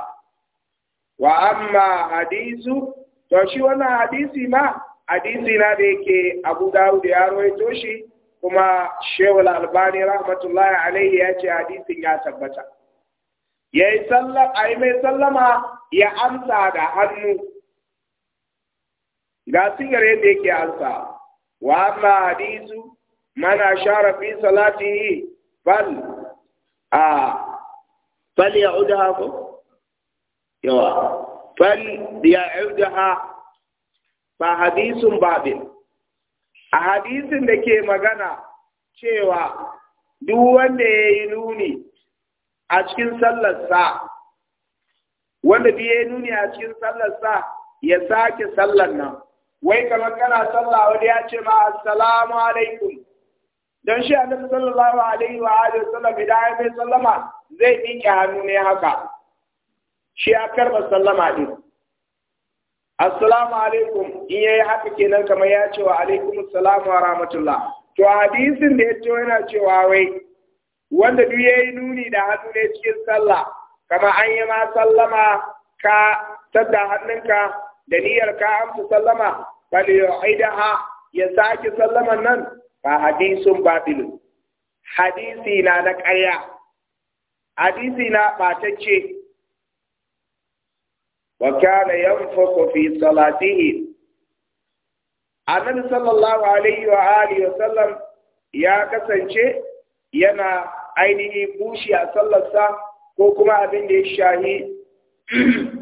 wa amma hadisu to shi wannan hadisi ma hadisi na da yake Abu Dawud ya rawaito shi kuma Shehul Albani rahmatullahi alaihi ya ce hadisin ya tabbata yayi mai sallama ya amsa da hannu ga sigar da yake ansa wa hadisu mana shara fi salatihi a yawa ba babin a hadisin da ke magana cewa duk wanda ya yi nuni a cikin wanda nuni a cikin sallarsa ya sake sallar nan wai kamar kana sallah wani ya ce ma assalamu alaikum don shi annabi sallallahu alaihi wa alihi sallam idan ya mai sallama zai miƙe hannu ne haka shi ya karba sallama din assalamu alaikum in yayi haka kenan kamar ya ce wa alaikum assalamu wa rahmatullah to hadisin da ya ce yana cewa wai wanda duk yayi nuni da hannu ne cikin sallah kama an yi ma sallama ka tadda hannunka da niyyar ka amsa sallama falyu'idaha ya sake sallaman nan ba hadisun Babilu? hadisi na da ƙarya hadisi na batacce wa kana yanfaku fi salatihi annabi sallallahu alaihi wa alihi wa sallam ya kasance yana ainihi bushi a sallarsa ko kuma abin da ya shahi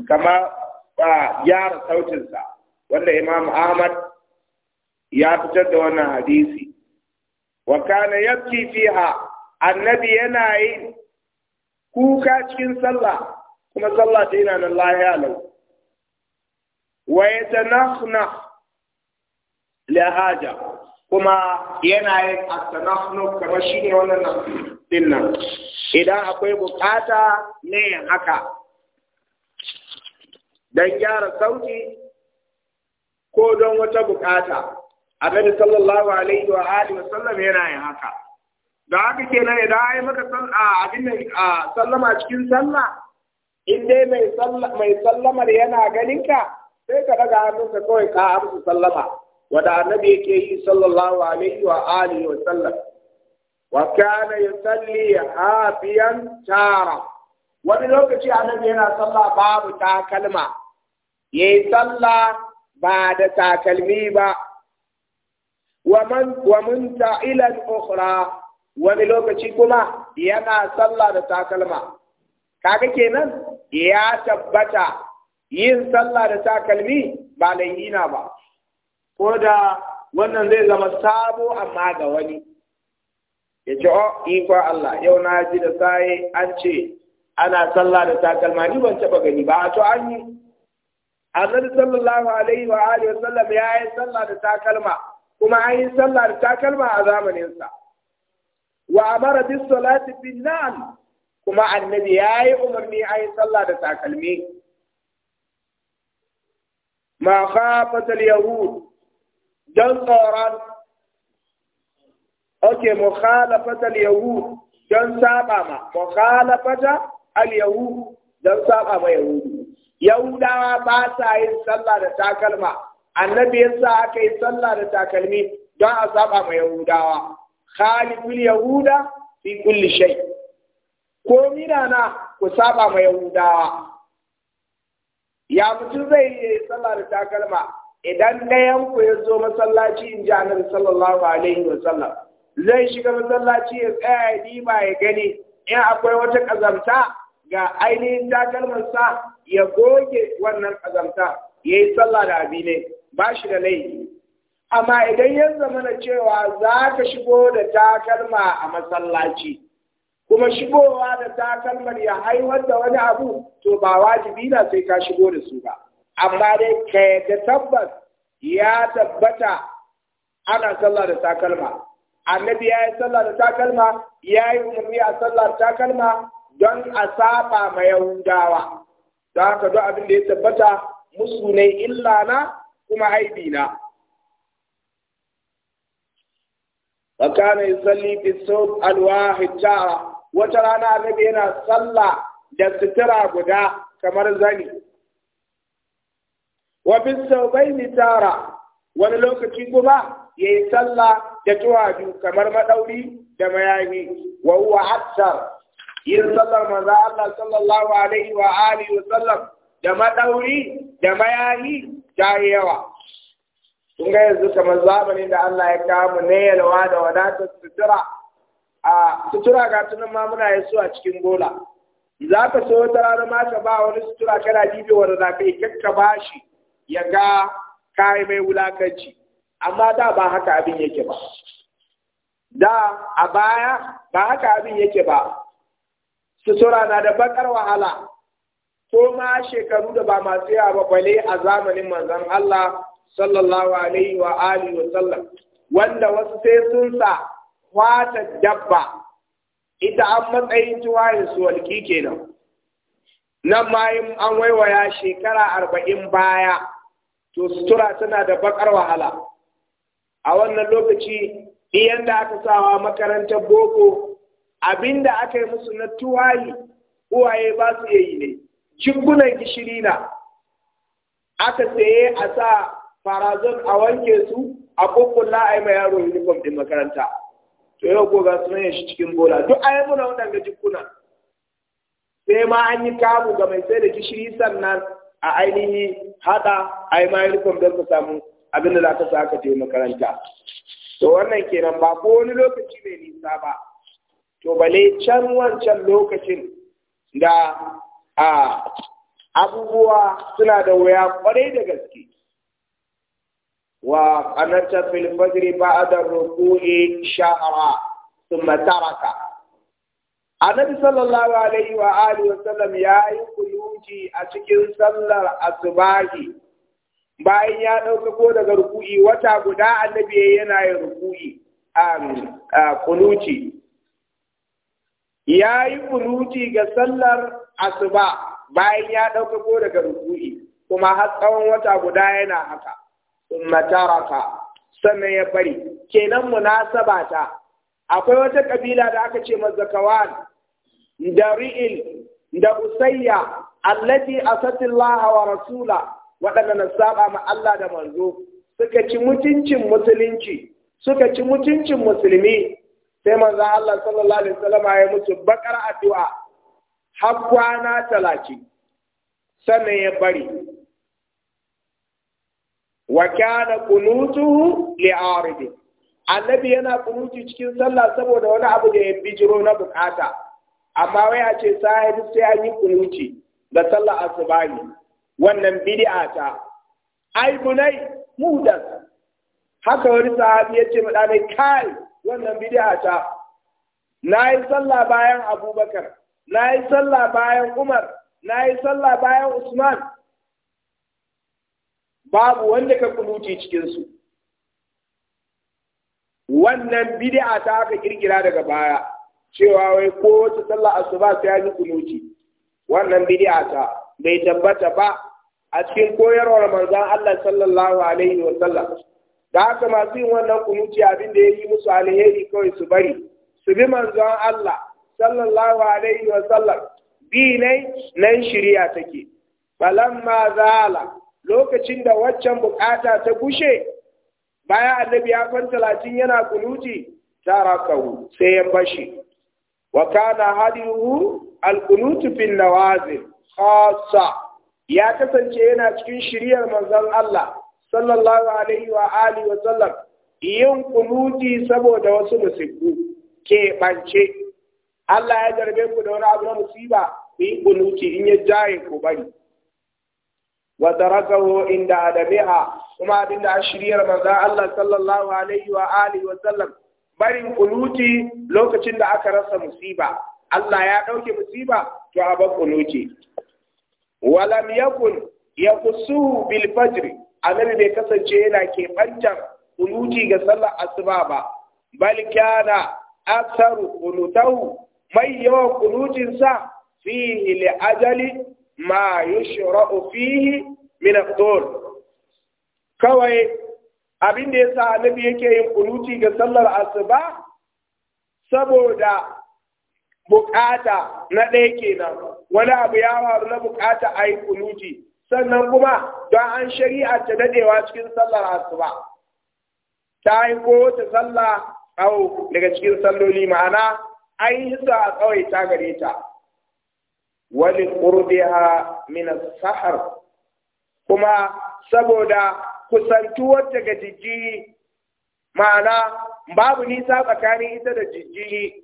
kama ba gyara sautinsa. wanda Imam Ahmad ya fitar da wannan hadisi wa kana yabki fiha annabi yana yi kuka cikin sallah kuma sallah ta yana nan lahiya lau wa yatanakhna haja kuma yana yin kama kamar shine wannan din nan idan akwai bukata ne haka dan gyara sauti ko don wata bukata annabi sallallahu alaihi wa alihi wa sallam yana yin haka da haka kenan idan ai maka san a abin da a sallama cikin sallah in dai mai mai sallamar yana ganin ka sai ka daga hannunka kawai ka amsa sallama wanda annabi yake yi sallallahu alaihi wa alihi wa sallam wa kana yusalli hafiyan tara wani lokaci annabi yana sallah babu takalma yayi sallah ba da takalmi ba wa mun ta'ilan ukhra wani lokaci kuma yana sallah da takalma kaga kenan ya tabbata yin sallah da takalmi ba laihina ba ko da wannan zai zama sabo amma ga wani ya ce o oh, iko Allah yau na ji da saye an ce ana sallah da takalma ni ban taɓa gani ba a to annabi sallallahu alaihi wa alihi wa sallam ya yi sallah da takalma kuma an yi sallah da takalma a zamaninsa wa amara bis salati bin nan kuma annabi ya yi umarni a yi sallah da takalmi ma al yahud don tsoron ok mukhalafata al-yahud don saba ma mukhalafata al-yahud don saba ma yahudi yahudawa ba sa yin sallah da takalma annabi yasa aka yi sallah da takalmi don a saba ma yahudawa ya yahuda fi kulli shay ko na ku saba ma yahudawa ya mutum zai yi sallah da takalma idan na yanku ya zo masallaci in ji annabi sallallahu alaihi wa sallam zai shiga masallaci ya tsaya ya dima ya gani in akwai wata kazamta ga ainihin takalmansa ya goge wannan azamta ya yi sallah da abi ne ba shi da laifi amma idan ya zama cewa za ka shigo da takalma a masallaci kuma shigowa da takalmar ya haihuwar da wani abu to ba wajibi na sai ka shigo da su ba amma dai ka yadda tabbas ya tabbata ana sallah da takalma annabi ya yi sallah da takalma ya yi umarni a sallah da takalma don a saba ma yahudawa da haka duk abin da ya tabbata musu ne illa na kuma haibi na wa yi yusalli fi sawb alwahid wata rana annabi yana sallah da sutura guda kamar zani wa fi ni tara wani lokaci kuma ya yi sallah da tuwaju kamar maɗauri da mayahi wa huwa yin sallar manzo Allah sallallahu alaihi wa alihi wa sallam da madauri da mayahi ta yawa kun ga yanzu kamar zamanin da Allah ya kawo mu ne yalwa da wadata sutura a sutura ga tunan ma muna su a cikin gola za ka so wata rana ma ka ba wani sutura kana jibe wanda za ka ba shi ya ga kayi mai wulakanci amma da ba haka abin yake ba da a baya ba haka abin yake ba sutura na da bakar wahala ko ma shekaru da ba masu yawa ba kwale a zamanin manzon Allah sallallahu alaihi wa alihi wa sallam wanda wasu sai sun sa kwata dabba ita an matsayin tuwayin su walki kenan nan ma an waiwaya shekara arba'in baya to sutura tana da bakar wahala a wannan lokaci iyan da aka sawa makarantar boko abinda aka yi musu na tuwayi uwaye ba su yi ne jikunan gishiri na aka saye a sa farazon a wanke su a kukkulla a yi yaro uniform din makaranta to yau ko ga sunan shi cikin bola duk a yi muna ga jikuna sai ma an yi kamu ga mai sai da gishiri sannan a ainihi hada a yi ma uniform don ka samu abin da za ka sa aka je makaranta to wannan kenan ba ko wani lokaci mai nisa ba to bale can wancan lokacin da a abubuwa suna da wuya kwarai da gaske wa qanata fil fajri ba'da ruku'i sha'ra thumma taraka annabi sallallahu alaihi wa alihi wa sallam yayi kuluji a cikin sallar asubahi bayan ya ko daga ruku'i wata guda annabi yana yin ruku'i a um, uh, kunuci ya yi kunuti ga sallar asuba bayan ya ɗauka ko daga ruku'i kuma har tsawon wata guda yana haka in mataraka sannan ya bari kenan munasaba ta akwai wata kabila da aka ce mazakawan da ri'il da usayya allati asatillaha wa rasula waɗanda na saba ma Allah da manzo suka ci mutuncin musulunci suka ci mutuncin musulmi sai manzo Allah sallallahu alaihi wasallam ya mutu bakara addu'a har kwana talatin sannan ya bari wa kana li aridi annabi yana kunuti cikin sallah saboda wani abu da ya bijiro na bukata amma wai a ce sahibi sai an yi kunuti da sallah asubani wannan bid'a ta ai bunai mudas haka wani sahabi ya ce mu kai wannan bid'a ta na yi sallah bayan abubakar na yi sallah bayan umar na yi sallah bayan usman babu wanda ka kuluti cikinsu wannan bid'a ta aka kirkira daga baya cewa wai ko wata sallah asuba sai yi kuluce wannan bid'a ta bai tabbata ba a cikin koyarwar manzon Allah sallallahu alaihi wa sallam da haka masu yin wannan kunuci abin da ya yi musu alheri kawai su bari su bi manzon Allah sallallahu alaihi wa sallam bi nai nan shirya take ma zala lokacin da waccan bukata ta gushe bayan annabi ya kwanta talatin yana kunuti kawu sai ya bashi wa kana hadihu alkunutu bin nawazil khassa ya kasance yana cikin shiryar manzon Allah sallallahu alaihi wa wa sallam yin kunuti saboda wasu musibu ke bance Allah ya jarbe ku da wani abu na musiba ku yi kunuti in ya jaye ku bari wa tarakahu inda adamiha kuma abinda da shirya manzon Allah sallallahu alaihi wa wa sallam barin kunuti lokacin da aka rasa musiba Allah ya ɗauke musiba to a bar walam yakun yakusu bil annabi bai kasance yana keɓantar kunuti ga sallar asuba ba bal kana aksaru kunutahu mai yawan kunutin sa fihi li ajali ma yushra'u fihi min al tur kawai abin da yasa annabi yake yin kunuti ga sallar asuba saboda bukata na ɗaya kenan wani abu ya faru na bukata a yi kunuti sannan kuma don an shari'a ta dadewa cikin sallar asuba ta yi ko ta salla au daga cikin salloli ma'ana an yi sa a tsawai ta gare ta wani qurbiha mina sahar kuma saboda kusantuwar ta ga jijjiri ma'ana babu nisa tsakanin ita da jijjiri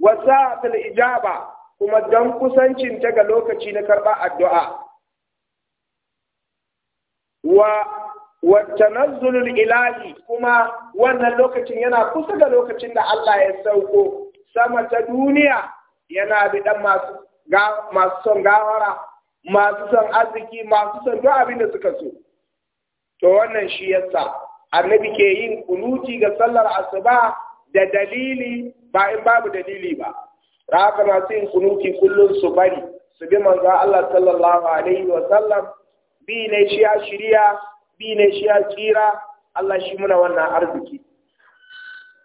wasa ijaba kuma don kusancin ta ga lokaci na karɓar addu'a wa watanazzulul ilahi kuma wannan lokacin yana kusa da lokacin da Allah ya sauko sama ta duniya yana bi dan masu masu son gawara masu son arziki masu son duk abin da suka so to wannan shi yasa annabi ke yin kunuti ga sallar asuba da dalili ba in babu dalili ba Raka masu yin kunuti kullum su bari su bi manzo Allah sallallahu alaihi wa sallam bi ne shi ya shirya bi ne shi ya tsira Allah shi muna wannan arziki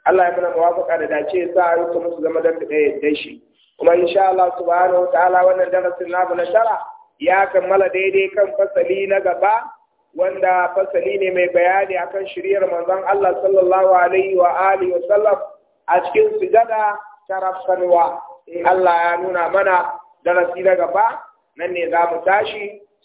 Allah ya muna mawafaka da dace sa ya yi su zama dan da yadda shi kuma insha Allah subhanahu ta'ala wannan darasin namu na tara ya kammala daidai kan fasali na gaba wanda fasali ne mai bayani akan shiriyar manzon Allah sallallahu alaihi wa alihi wa sallam a cikin sujada tarafsanwa Allah ya nuna mana darasi na gaba nan ne za mu tashi